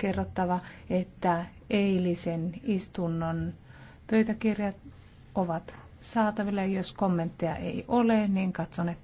kerrottava, että eilisen istunnon pöytäkirjat ovat saatavilla. Jos kommentteja ei ole, niin katson, että